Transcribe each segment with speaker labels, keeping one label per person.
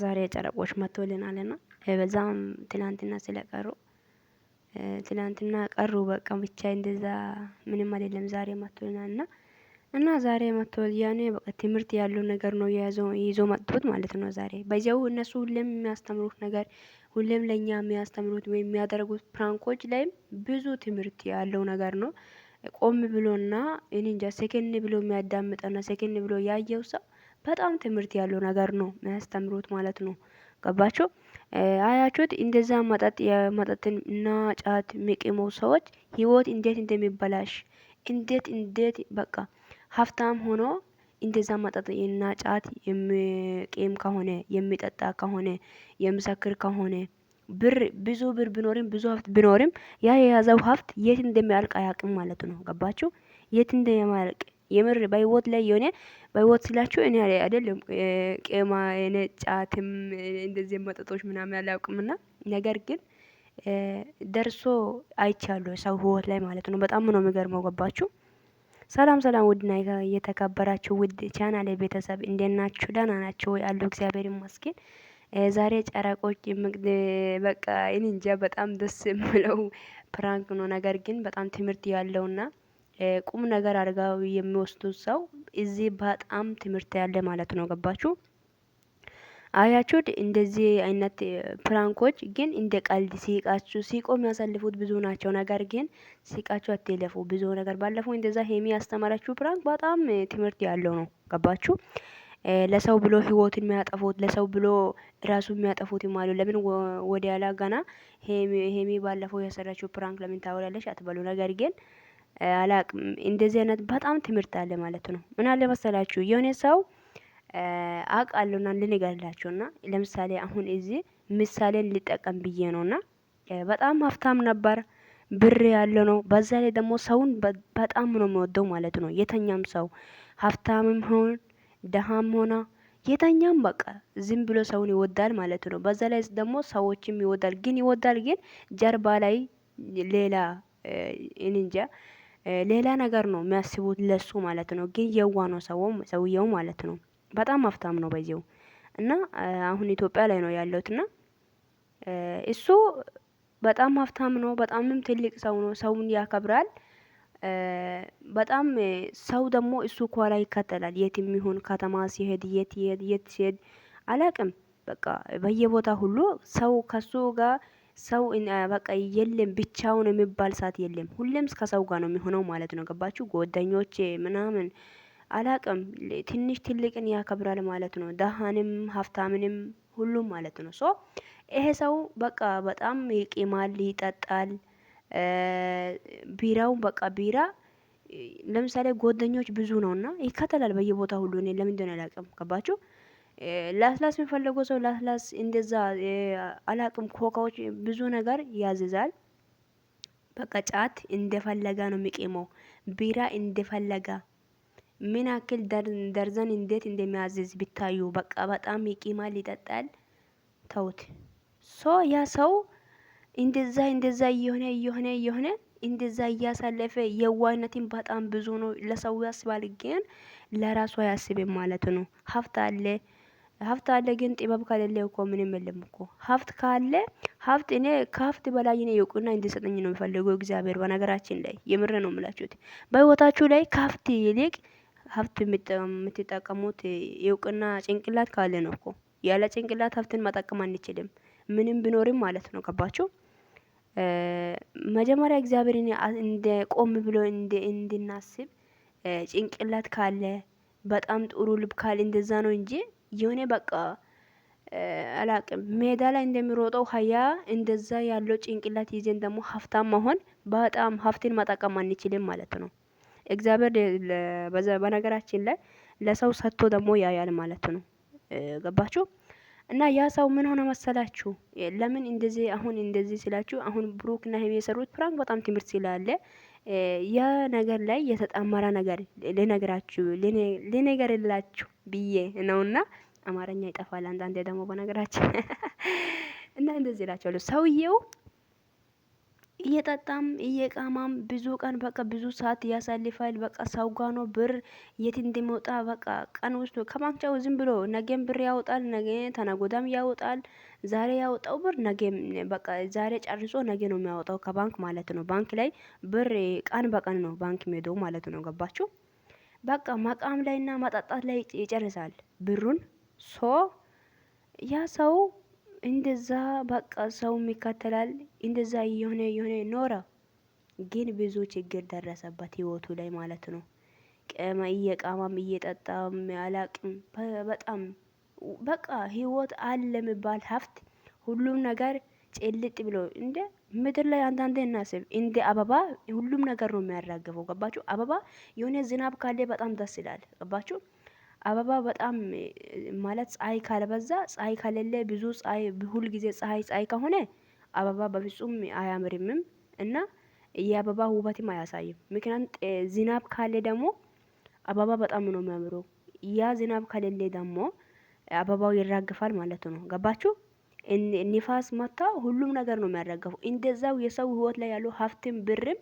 Speaker 1: ዛሬ ጨረቆች መጥቶልናል ና በዛም ትላንትና ስለቀሩ ትላንትና ቀሩ። በቃ ብቻ እንደዛ ምንም አይደለም። ዛሬ መጥቶልናል ና እና ዛሬ መጥቶ ያኔ በቃ ትምህርት ያለው ነገር ነው ይዞ መጥቶት ማለት ነው። ዛሬ በዚያው እነሱ ሁሌም የሚያስተምሩት ነገር ሁሌም ለእኛ የሚያስተምሩት ወይም የሚያደርጉት ፕራንኮች ላይም ብዙ ትምህርት ያለው ነገር ነው። ቆም ብሎና እኔ እንጃ ሴኬንድ ብሎ የሚያዳምጠና ሴኬንድ ብሎ ያየው ሰው በጣም ትምህርት ያለው ነገር ነው የሚያስተምሩት ማለት ነው። ገባቸው አያችሁት እንደዛ መጠጥ የመጠጥን እና ጫት የሚቅሙ ሰዎች ህይወት እንዴት እንደሚበላሽ እንዴት እንዴት በቃ ሀብታም ሆኖ እንደዛ መጠጥ እና ጫት የሚቅም ከሆነ የሚጠጣ ከሆነ የሚሰክር ከሆነ ብር ብዙ ብር ቢኖርም ብዙ ሀብት ቢኖርም ያ የያዘው ሀብት የት እንደሚያልቅ አያውቅም ማለት ነው። ገባችሁ? የት እንደሚያልቅ የምር በህይወት ላይ የሆነ በህይወት ስላችሁ እኔ አይደለም ቄማ የሆነ ጫትም እንደዚህ መጠጦች ምናምን አላውቅምና ነገር ግን ደርሶ አይቻለሁ ሰው ህይወት ላይ ማለት ነው። በጣም ነው የሚገርመው። ገባችሁ? ሰላም ሰላም፣ ውድና የተከበራችሁ ውድ ቻናል ቤተሰብ እንዴት ናችሁ? ደህና ናችሁ ወይ? እግዚአብሔር ይመስገን። ዛሬ ጨረቆች በቃ እኔ እንጃ በጣም ደስ የምለው ፕራንክ ነው። ነገር ግን በጣም ትምህርት ያለውና ቁም ነገር አድርገው የሚወስዱት ሰው እዚህ በጣም ትምህርት ያለ ማለት ነው። ገባችሁ? አያችሁት? እንደዚህ አይነት ፕራንኮች ግን እንደ ቀልድ ሲቃችሁ ሲቆ የሚያሳልፉት ብዙ ናቸው። ነገር ግን ሲቃችሁ አትለፉ። ብዙ ነገር ባለፉ እንደዛ ሄሚ ያስተማራችሁ ፕራንክ በጣም ትምህርት ያለው ነው። ገባችሁ? ለሰው ብሎ ህይወትን የሚያጠፉት ለሰው ብሎ ራሱ የሚያጠፉት ይማሉ። ለምን ወዲያላ ገና ሄሚ ባለፈው የሰራችው ፕራንክ ለምን ታወሪያለሽ አትበሉ። ነገር ግን አላቅም እንደዚህ አይነት በጣም ትምህርት አለ ማለት ነው። ምን አለ መሰላችሁ የሆነ ሰው አውቃለሁና ልንገርላችሁና ለምሳሌ አሁን እዚህ ምሳሌን ልጠቀም ብዬ ነውና በጣም ሀብታም ነበር። ብር ያለው ነው። በዛ ላይ ደግሞ ሰውን በጣም ነው የሚወደው ማለት ነው። የተኛም ሰው ሀብታምም ሆን ደሃም ሆና የተኛም በቃ ዝም ብሎ ሰውን ይወዳል ማለት ነው። በዛ ላይ ደግሞ ሰዎችም ይወዳል ግን ይወዳል ግን ጀርባ ላይ ሌላ እንጃ ሌላ ነገር ነው የሚያስቡት ለሱ ማለት ነው። ግን የዋ ነው ሰውየው ማለት ነው። በጣም ሀብታም ነው በዚው እና አሁን ኢትዮጵያ ላይ ነው ያለሁት እና እሱ በጣም ሀብታም ነው በጣምም ትልቅ ሰው ነው ሰውን ያከብራል። በጣም ሰው ደግሞ እሱ ከኋላ ይከተላል የት የሚሆን ከተማ ሲሄድ የት የት የት ሲሄድ አላቅም በቃ በየቦታ ሁሉ ሰው ከሱ ጋር ሰው በቃ የለም ብቻውን የሚባል ሰዓት የለም። ሁሌም ከሰው ጋር ነው የሚሆነው ማለት ነው። ገባችሁ? ጓደኞቼ ምናምን አላቅም ትንሽ ትልቅን ያከብራል ማለት ነው። ደሃንም ሀብታምንም ሁሉም ማለት ነው። ሶ ይሄ ሰው በቃ በጣም ይቂማል፣ ይጠጣል። ቢራው በቃ ቢራ ለምሳሌ ጓደኞች ብዙ ነውና ይከተላል በየቦታ ሁሉ እኔ ለምንድነው አላቅም ገባችሁ? ላስላስ የሚፈለገው ሰው ላስላስ እንደዛ አላቅም ኮካዎች ብዙ ነገር ያዝዛል። በቃ ጫት እንደፈለጋ ነው የሚቀመው። ቢራ እንደፈለጋ ምን ያክል ደርዘን እንዴት እንደሚያዝዝ ቢታዩ በቃ በጣም ይቂማል፣ ይጠጣል። ተውት። ሶ ያ ሰው እንደዛ እንደዛ እየሆነ እየሆነ እየሆነ እንደዛ እያሳለፈ የዋህነትን በጣም ብዙ ነው። ለሰው ያስባል፣ ግን ለራሱ አያስብም ማለት ነው። ሀብት አለ ሀብት አለ ግን ጥበብ ከሌለ እኮ ምንም የለም እኮ። ሀብት ካለ ሀብት እኔ ከሀብት በላይ እኔ እውቅና እንዲሰጠኝ ነው የምፈልገው እግዚአብሔር። በነገራችን ላይ የምር ነው የምላችሁት በህይወታችሁ ላይ ከሀብት ይልቅ ሀብት የምትጠቀሙት እውቅና ጭንቅላት ካለ ነው እኮ። ያለ ጭንቅላት ሀብትን መጠቀም አንችልም ምንም ቢኖርም ማለት ነው። ገባችሁ? መጀመሪያ እግዚአብሔርን እንደ ቆም ብሎ እንድናስብ ጭንቅላት ካለ በጣም ጥሩ ልብ ካለ እንደዛ ነው እንጂ የሆነ በቃ አላቅም ሜዳ ላይ እንደሚሮጠው ሀያ እንደዛ ያለው ጭንቅላት ይዘን ደግሞ ሀብታም መሆን በጣም ሀብትን መጠቀም አንችልም ማለት ነው። እግዚአብሔር በነገራችን ላይ ለሰው ሰጥቶ ደግሞ ያያል ማለት ነው። ገባችሁ? እና ያ ሰው ምን ሆነ መሰላችሁ? ለምን እንደዚህ አሁን እንደዚህ ስላችሁ አሁን ብሩክ እና ሄሜ የሰሩት ፕራንክ በጣም ትምህርት ስላለ ያ ነገር ላይ የተጣመረ ነገር ልነግራችሁ ልነግርላችሁ ብዬ ነውና አማርኛ ይጠፋል። አንዳንዴ ደግሞ በነገራችን እና እንደዚህ እላቸዋለሁ። ሰውየው እየጠጣም እየቃማም ብዙ ቀን በቃ ብዙ ሰዓት እያሳልፋል በቃ ሰው ጋ ነው ብር የት እንደሚወጣ በቃ ቀን ውስጥ ከማንቻው ዝም ብሎ ነገም ብር ያወጣል። ነገ ተነጎዳም ያወጣል። ዛሬ ያወጣው ብር ነገም በቃ ዛሬ ጨርሶ ነገ ነው የሚያወጣው ከባንክ ማለት ነው። ባንክ ላይ ብር ቀን በቀን ነው ባንክ ሜዶ ማለት ነው። ገባችሁ? በቃ መቃም ላይ መጠጣት ማጣጣት ላይ ይጨርሳል ብሩን። ሶ ያ ሰው እንደዛ በቃ ሰውም ይከተላል እንደዛ የሆነ የሆነ ኖረ። ግን ብዙ ችግር ደረሰበት ህይወቱ ላይ ማለት ነው። ቀመ እየቃማም እየጠጣም አላቅም በጣም በቃ ህይወት አለ የሚባል ሀብት ሁሉም ነገር ጭልጥ ብሎ እንደ ምድር ላይ አንዳንዴ እናስብ፣ እንደ አበባ ሁሉም ነገር ነው የሚያራግፈው። ገባችሁ? አበባ የሆነ ዝናብ ካለ በጣም ደስ ይላል። ገባችሁ? አበባ በጣም ማለት ፀሐይ ካልበዛ ፀሐይ ካለለ ብዙ ፀሐይ ሁል ጊዜ ፀሐይ ፀሐይ ከሆነ አበባ በፍጹም አያምርምም እና የአበባ ውበትም አያሳይም። ምክንያቱም ዝናብ ካለ ደግሞ አበባ በጣም ነው የሚያምረው። ያ ዝናብ ከሌለ ደግሞ አበባው ይራግፋል ማለት ነው። ገባችሁ? ንፋስ መታ ሁሉም ነገር ነው የሚያረገፈው። እንደዛው የሰው ህይወት ላይ ያለው ሀብትም ብርም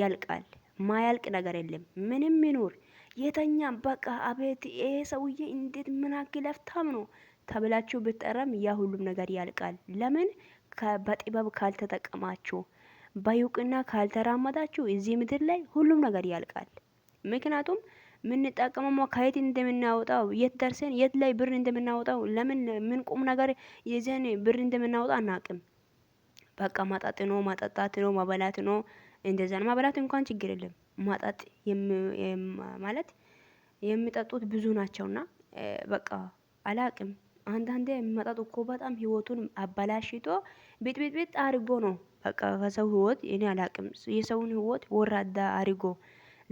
Speaker 1: ያልቃል። ማያልቅ ነገር የለም። ምንም ይኑር የተኛም በቃ አቤት ይሄ ሰውዬ እንዴት ምን ያክል ሀብታም ነው ተብላችሁ ብጠረም ያ ሁሉም ነገር ያልቃል። ለምን በጥበብ ካልተጠቀማችሁ፣ በይውቅና ካልተራመዳችሁ እዚህ ምድር ላይ ሁሉም ነገር ያልቃል። ምክንያቱም የምንጠቀመው ከየት እንደምናወጣው የት ደርሰን የት ላይ ብር እንደምናወጣው ለምን ምን ቁም ነገር ይዘን ብር እንደምናወጣ አናቅም። በቃ ማጣጥ ነው ማጣጣት ነው ማበላት ነው እንደዛ ነው። ማበላት እንኳን ችግር የለም። ማጣጥ ማለት የሚጠጡት ብዙ ናቸውና በቃ አላቅም። አንዳንዴ የሚመጣጡ እኮ በጣም ህይወቱን አበላሽቶ ቤት አድርጎ ነው። በቃ ከሰው ህይወት እኔ አላቅም የሰውን ህይወት ወራዳ አድርጎ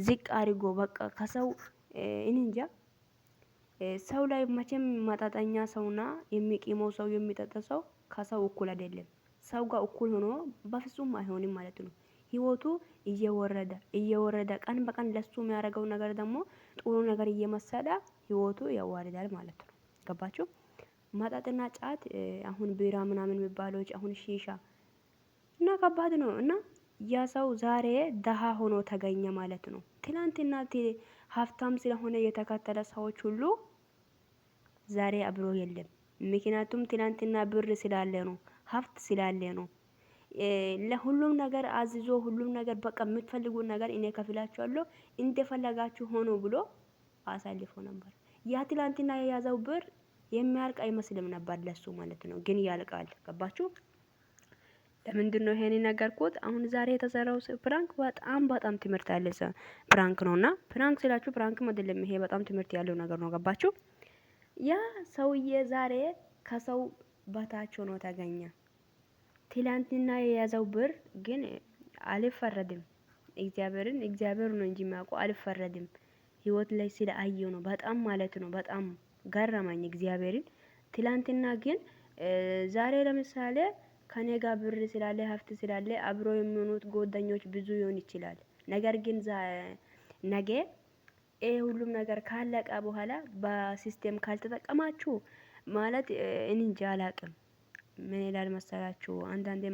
Speaker 1: ዝቅ አድርጎ በቃ ከሰው እንንጃ ሰው ላይ መቼም መጠጠኛ ሰውና የሚቂመው ሰው የሚጠጣ ሰው ከሰው እኩል አይደለም። ሰው ጋር እኩል ሆኖ በፍጹም አይሆንም ማለት ነው። ህይወቱ እየወረደ እየወረደ ቀን በቀን ለሱ የሚያደርገው ነገር ደግሞ ጥሩ ነገር እየመሰለ ህይወቱ ያዋርዳል ማለት ነው። ገባችሁ? መጠጥና ጫት አሁን ቢራ ምናምን የሚባለው አሁን ሺሻ እና ከባድ ነው እና ያ ሰው ዛሬ ደሃ ሆኖ ተገኘ ማለት ነው። ትናንትና ሀብታም ስለሆነ የተከተለ ሰዎች ሁሉ ዛሬ አብሮ የለም። ምክንያቱም ትናንትና ብር ስላለ ነው፣ ሀብት ስላለ ነው። ለሁሉም ነገር አዝዞ ሁሉም ነገር በቃ የምትፈልጉ ነገር እኔ ከፍላችኋለሁ እንደፈለጋችሁ ሆኖ ብሎ አሳልፎ ነበር። ያ ትላንትና የያዘው ብር የሚያልቅ አይመስልም ነበር ለሱ ማለት ነው። ግን ያልቃል። ገባችሁ? ለምንድን ነው ይሄን የነገርኩት? አሁን ዛሬ የተሰራው ፕራንክ በጣም በጣም ትምህርት ያለ ፕራንክ ነውና፣ ፕራንክ ስላችሁ ፕራንክ አይደለም ይሄ በጣም ትምህርት ያለው ነገር ነው። ገባችሁ? ያ ሰውዬ ዛሬ ከሰው በታች ሆኖ ተገኘ። ትላንትና የያዘው ብር ግን አልፈረድም። እግዚአብሔርን እግዚአብሔር ነው እንጂ የሚያውቀው አልፈረድም። ህይወት ላይ ስለ አየው ነው በጣም ማለት ነው። በጣም ገረመኝ እግዚአብሔርን ትላንትና ግን ዛሬ ለምሳሌ ከኔ ጋር ብር ስላለ ሀብት ስላለ አብሮ የሚሆኑት ጎደኞች ብዙ ይሆን ይችላል። ነገር ግን ነገ ይህ ሁሉም ነገር ካለቀ በኋላ በሲስቴም ካልተጠቀማችሁ ማለት እኔ እንጃ አላቅም። ምን ይላል መሰላችሁ አንዳንዴ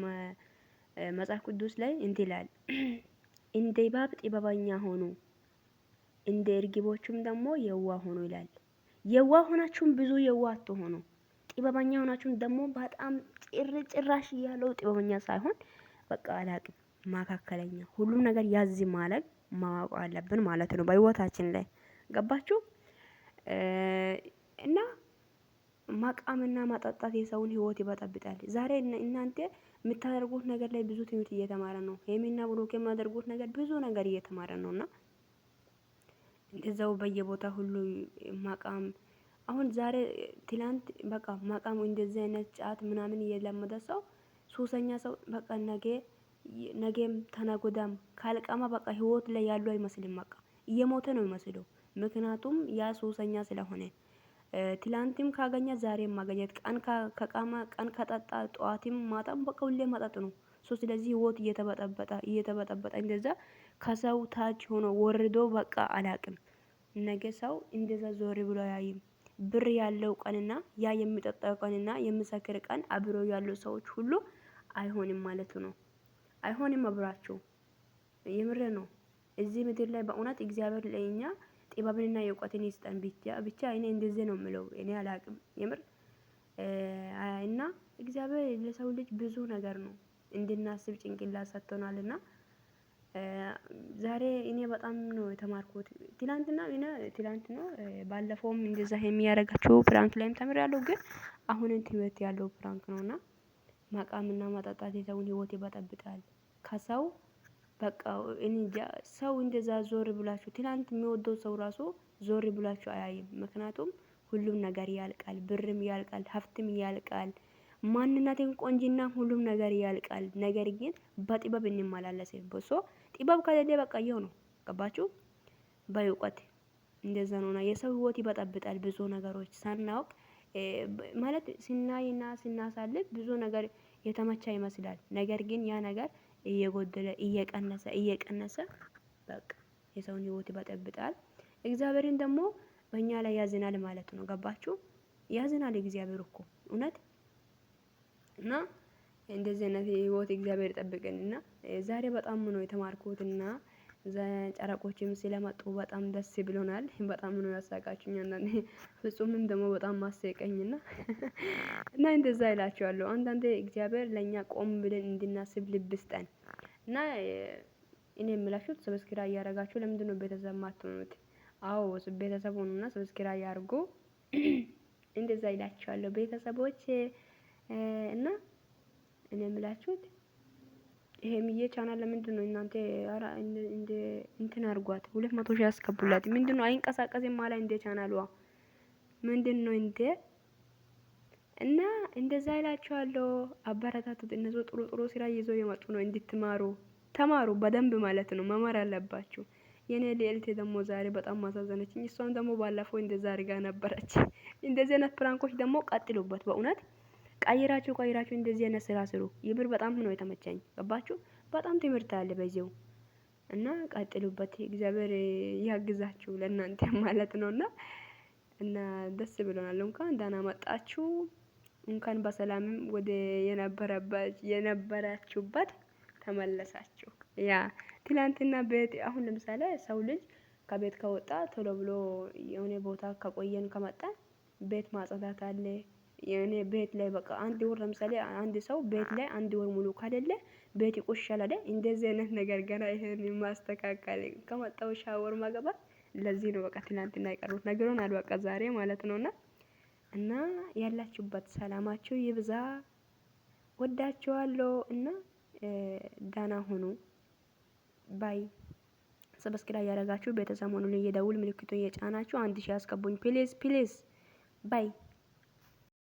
Speaker 1: መጽሐፍ ቅዱስ ላይ እንዲህ ይላል እንደ እባብ ጥበበኛ ሆኑ እንደ እርግቦችም ደግሞ የዋ ሆኑ ይላል። የዋ ሆናችሁም ብዙ የዋ አትሆኑ። ጥበበኛ ሆናችሁን ደግሞ በጣም ጭር ጭራሽ እያለው ጥበበኛ ሳይሆን በቃ አላቅም መካከለኛ ሁሉም ነገር ያዝ ማለግ ማወቅ አለብን ማለት ነው። በህይወታችን ላይ ገባችሁ እና ማቃምና ማጠጣት የሰውን ህይወት ይበጠብጣል። ዛሬ እናንተ የምታደርጉት ነገር ላይ ብዙ ትምህርት እየተማረ ነው። ሄሚና ብሩክ የሚያደርጉት ነገር ብዙ ነገር እየተማረ ነው እና እንደዛው በየቦታ ሁሉ ማቃም አሁን ዛሬ ትላንት በቃ መቃሙ እንደዚህ አይነት ጫት ምናምን እየለመደ ሰው ሱሰኛ ሰው በቃ ነገ ነገም ተነጎዳም ካልቀማ በቃ ህይወት ላይ ያሉ አይመስልም። በቃ እየሞተ ነው የሚመስለው፣ ምክንያቱም ያ ሱሰኛ ስለሆነ ትላንትም ካገኘ ዛሬም ማገኘት፣ ቀን ከቃማ ቀን ከጠጣ ጠዋትም ማጣም በቃ ሁሌ መጠጥ ነው። ሶ ስለዚህ ህይወት እየተበጠበጠ እየተበጠበጠ እንደዛ ከሰው ታች ሆኖ ወርዶ በቃ አላቅም ነገ ሰው እንደዛ ዞር ብሎ አያይም። ብር ያለው ቀንና ያ የሚጠጣው ቀንና የምሰክር ቀን አብረው ያሉ ሰዎች ሁሉ አይሆንም ማለት ነው። አይሆንም አብራቸው የምር ነው። እዚህ ምድር ላይ በእውነት እግዚአብሔር ለእኛ ጥበብንና የእውቀትን ይስጠን። ብቻ ብቻ እኔ እንደዚህ ነው የምለው። እኔ አላቅም የምር እና እግዚአብሔር ለሰው ልጅ ብዙ ነገር ነው እንድናስብ ጭንቅላት እና። ዛሬ እኔ በጣም ነው የተማርኩት። ትላንትና ትላንት ነው ባለፈውም እንደዛ የሚያደርጋቸው ፕራንክ ላይም ተምሬያለሁ። ግን አሁንን ትምህርት ያለው ፕራንክ ነው እና ማቃምና ማጣጣት የሰውን ህይወት ይበጠብጣል። ከሰው በቃ እኔ እንጃ ሰው እንደዛ ዞር ብላችሁ ትላንት የሚወደው ሰው ራሱ ዞር ብላችሁ አያይም። ምክንያቱም ሁሉም ነገር ያልቃል፣ ብርም ያልቃል፣ ሀብትም ያልቃል ማንነቴን፣ ቆንጂና ሁሉም ነገር ያልቃል። ነገር ግን በጥበብ እንመላለስ። ቦሶ ጥበብ ከሌለ በቃ ይኸው ነው። ገባችሁ? በእውቀት እንደዛ ነውና የሰው ህይወት ይበጠብጣል። ብዙ ነገሮች ሳናውቅ ማለት ስናይና ስናሳልፍ ብዙ ነገር የተመቻ ይመስላል። ነገር ግን ያ ነገር እየጎደለ እየቀነሰ እየቀነሰ በቃ የሰውን ህይወት ይበጠብጣል። እግዚአብሔርን ደግሞ በእኛ ላይ ያዝናል ማለት ነው። ገባችሁ? ያዝናል እግዚአብሔር እኮ እውነት እና እንደዚህ አይነት ህይወት እግዚአብሔር ጠብቀን እና ዛሬ በጣም ነው የተማርኩት እና ጨረቆችም ስለመጡ በጣም ደስ ብሎናል። በጣም ነው ያሳቃችኝ። አንዳንዴ ፍጹምም ደግሞ በጣም ማስቀኝና እና እንደዛ ይላቸዋለሁ። አንዳንዴ እግዚአብሔር ለእኛ ቆም ብለን እንድናስብ ልብ ስጠን እና እኔ የምላችሁት ሰብስክራ እያደረጋችሁ ለምንድን ነው ቤተሰብ ማትሆኑት? አዎ ቤተሰብ ሆኑና ሰብስክራ እያርጉ። እንደዛ ይላቸዋለሁ ቤተሰቦች እና እኔ የምላችሁት ሀይሚዬ ቻናል ለምንድን ነው እናንተ አራ እንደ እንትን አድርጓት፣ ሁለት መቶ ሺህ ያስገቡላት። ምንድን ነው አይንቀሳቀስም ማላ እንደ ቻናሏ ምንድን ነው እንደ እና እንደዛ ይላችኋለሁ። አበረታቱት። እነሱ ጥሩ ጥሩ ስራ ይዘው የመጡ ነው። እንድትማሩ ተማሩ፣ በደንብ ማለት ነው መማር አለባችሁ። የኔ ልዕልቴ ደግሞ ዛሬ በጣም ማሳዘነችኝ። እሷም ደግሞ ባለፈው እንደዛ አድርጋ ነበረች። እንደዚህ አይነት ፕራንኮች ደግሞ ቀጥሉበት በእውነት ቀይራችሁ ቀይራችሁ እንደዚህ አይነት ስራ ስሩ። የምር በጣም ነው የተመቸኝ። ገባችሁ? በጣም ትምህርት አለ በዚው እና ቀጥሉበት። እግዚአብሔር ያግዛችሁ ለእናንተ ማለት ነው። እና ደስ ብሎናል። እንኳን ደህና መጣችሁ። እንኳን በሰላምም ወደ የነበራችሁበት ተመለሳችሁ። ያ ትላንትና ቤት አሁን ለምሳሌ ሰው ልጅ ከቤት ከወጣ ቶሎ ብሎ የሆነ ቦታ ከቆየን ከመጣ ቤት ማጽዳት አለ ቤት ላይ በቃ አንድ ወር ለምሳሌ አንድ ሰው ቤት ላይ አንድ ወር ሙሉ ካደለ ቤት ይቆሻል አይደል? እንደዚህ አይነት ነገር ገና ይሄን ማስተካከል ከመጣው ሻወር ማገባት ለዚህ ነው በቃ ትላንትና የቀሩት ነገሩን አልበቃ ዛሬ ማለት ነውና እና ያላችሁበት ሰላማችሁ ይብዛ። ወዳችኋለሁ እና ዳና ሁኑ ባይ ሰብስክራይብ ያደረጋችሁ ቤተሰብ ሆኑን እየደውል ምልክቱን የጫናችሁ አንድ ሺ አስገቡኝ ፕሊዝ ፕሊዝ ባይ